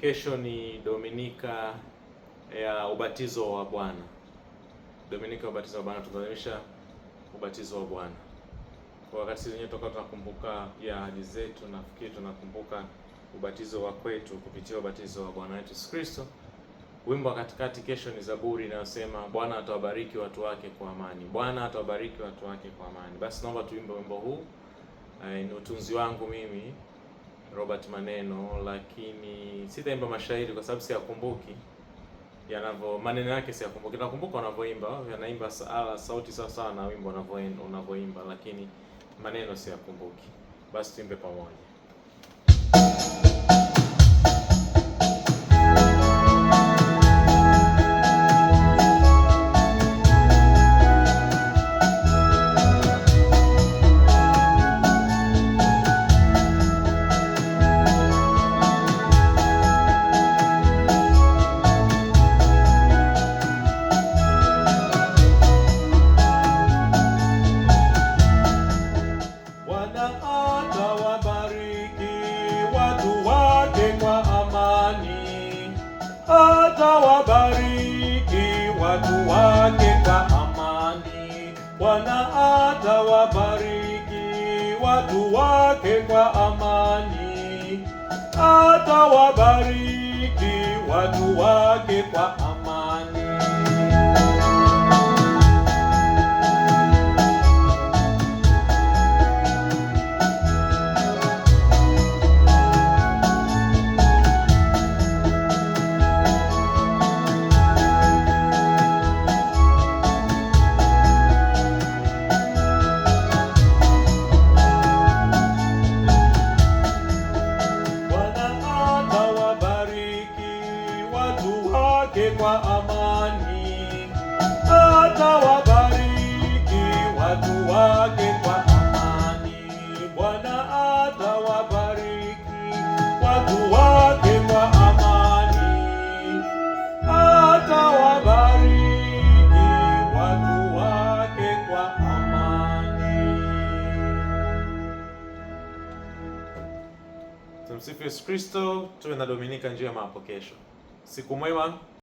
Kesho ni Dominika ya ubatizo wa Bwana. Dominika ya ubatizo wa Bwana, tutaadhimisha ubatizo wa Bwana. Kwa wakati sisi wenyewe tutakuwa tunakumbuka pia ahadi zetu, nafikiri tunakumbuka ubatizo wa kwetu kupitia ubatizo wa Bwana wetu Yesu Kristo. Wimbo wa katikati kesho ni Zaburi inayosema Bwana atawabariki watu wake kwa amani. Bwana atawabariki watu wake kwa amani. Basi naomba tuimbe wimbo huu. Eh, ni utunzi wangu mimi Robert Maneno, lakini sitaimba mashairi kwa sababu siyakumbuki yanavyo maneno yake siyakumbuki. Nakumbuka wanavyoimba yanaimba ala, sauti sawa sawa na wimbo unavyoimba, lakini maneno siyakumbuki. Basi tuimbe pamoja. atawabariki watu wake kwa amani. Bwana atawabariki watu wake kwa amani. Atawabariki watu wake kwa amani. kwa amani, watu wake kwa amani. Bwana watu wake kwa amani, watu wake kwa amani. Tumsifu Yesu Kristo. Tuwe na Dominika njema hapo Siku mwema.